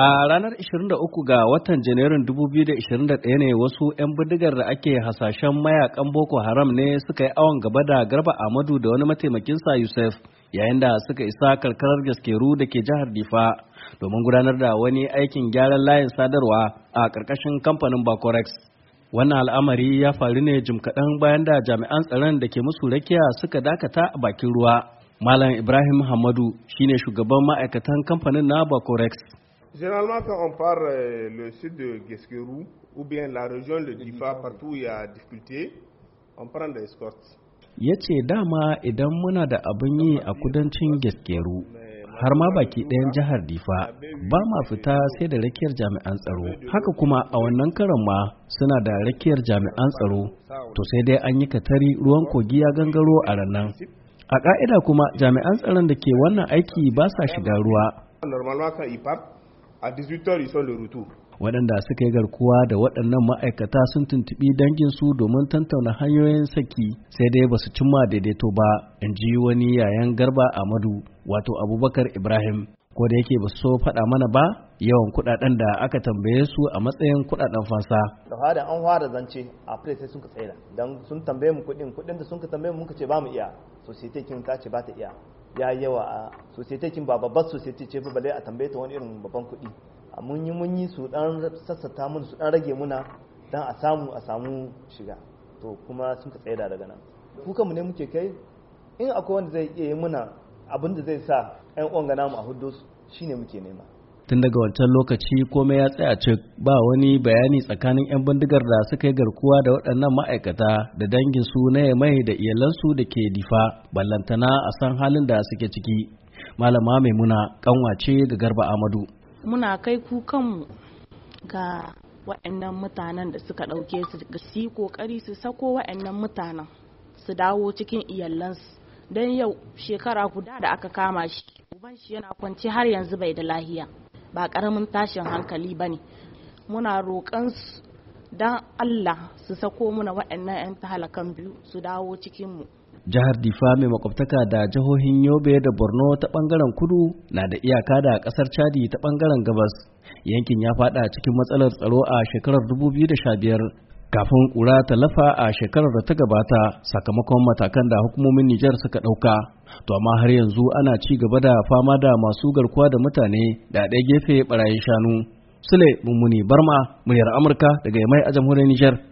A ranar 23 ga watan Janairun 2021 ne wasu 'yan bindigar da ake hasashen mayakan Boko Haram ne suka yi awon gaba da Garba Amadu da wani mataimakinsa Yusuf yayin da suka isa karkarar gaskeru da ke jihar Difa domin gudanar da wani aikin gyaran layin sadarwa a karkashin kamfanin Bakorex. Wannan al'amari ya faru ne jim kaɗan bayan da jami'an tsaron da ke musu rakiya suka dakata a bakin ruwa. Malam Ibrahim Hamadu shine shugaban ma'aikatan kamfanin na Bakorex. Généralement, quand on part euh, le sud de Gueskerou ou bien la région de Difa, partout où il y a difficulté, on prend des escortes. Ya ce dama idan muna da abin yi a kudancin gaskeru har ma baki ɗayan jihar Difa ba ma fita sai da rakiyar jami'an tsaro. Haka kuma a wannan karan ma suna da rakiyar jami'an tsaro to sai dai an yi katari ruwan kogi ya gangaro a ranar. A ƙa'ida kuma jami'an tsaron da ke wannan aiki ba sa shiga ruwa. a 18h da rutu. waɗanda suka yi garkuwa da waɗannan ma'aikata sun tuntuɓi danginsu domin tantauna hanyoyin saki sai dai ba su cimma daidaito ba in ji wani yayan garba amadu wato abubakar ibrahim ko da yake ba su so faɗa mana ba yawan kuɗaɗen da aka tambaye su a matsayin kuɗaɗen fasa. da fara an fara zance a fure sai sun ka tsaye don sun tambaye mu kuɗin kuɗin da sun ka tambaye mu muka ce ba mu iya society kin ta ce ba ta iya ya yi yawa a society ba babbar society ce ba balai a tambaye wani irin babban kuɗi mun yi mun su dan sassata mun su dan rage muna dan a samu a samu shiga to kuma sun ka tsaida daga nan kuka mu ne muke kai in akwai wanda zai iya yi muna abinda zai sa ƴan uwan mu namu a huddo su shine muke nema tun daga wancan lokaci komai ya tsaya cik ba wani bayani tsakanin 'yan bindigar da suka yi garkuwa da waɗannan ma'aikata da dangin su na mai da iyalansu da ke difa ballantana a san halin da suke ciki malama mai muna kanwace ga garba amadu muna kai kukanmu ga waɗannan mutanen da suka ɗauke su su ƙoƙari su sako waɗannan mutanen su dawo cikin iyalansu don yau shekara guda da aka kama shi uban shi yana kwanci har yanzu bai da lahiya ba karamin tashin hankali ba ne muna roƙon don allah su sako muna waɗannan 'yan tahalakan biyu su dawo cikinmu jihar difa mai makwabtaka da jihohin yobe da borno ta bangaren kudu na da iyaka da kasar chadi ta bangaren gabas yankin ya fada cikin matsalar tsaro a shekarar 2015 kafin kura ta lafa a shekarar da ta gabata sakamakon matakan da hukumomin Nijar suka ɗauka. To amma har yanzu ana ci gaba da fama da masu garkuwa da mutane da ɗaya gefe barayin shanu. Sule Mummuni Barma, muryar Amurka daga Yamai a jamhuriyar Nijar.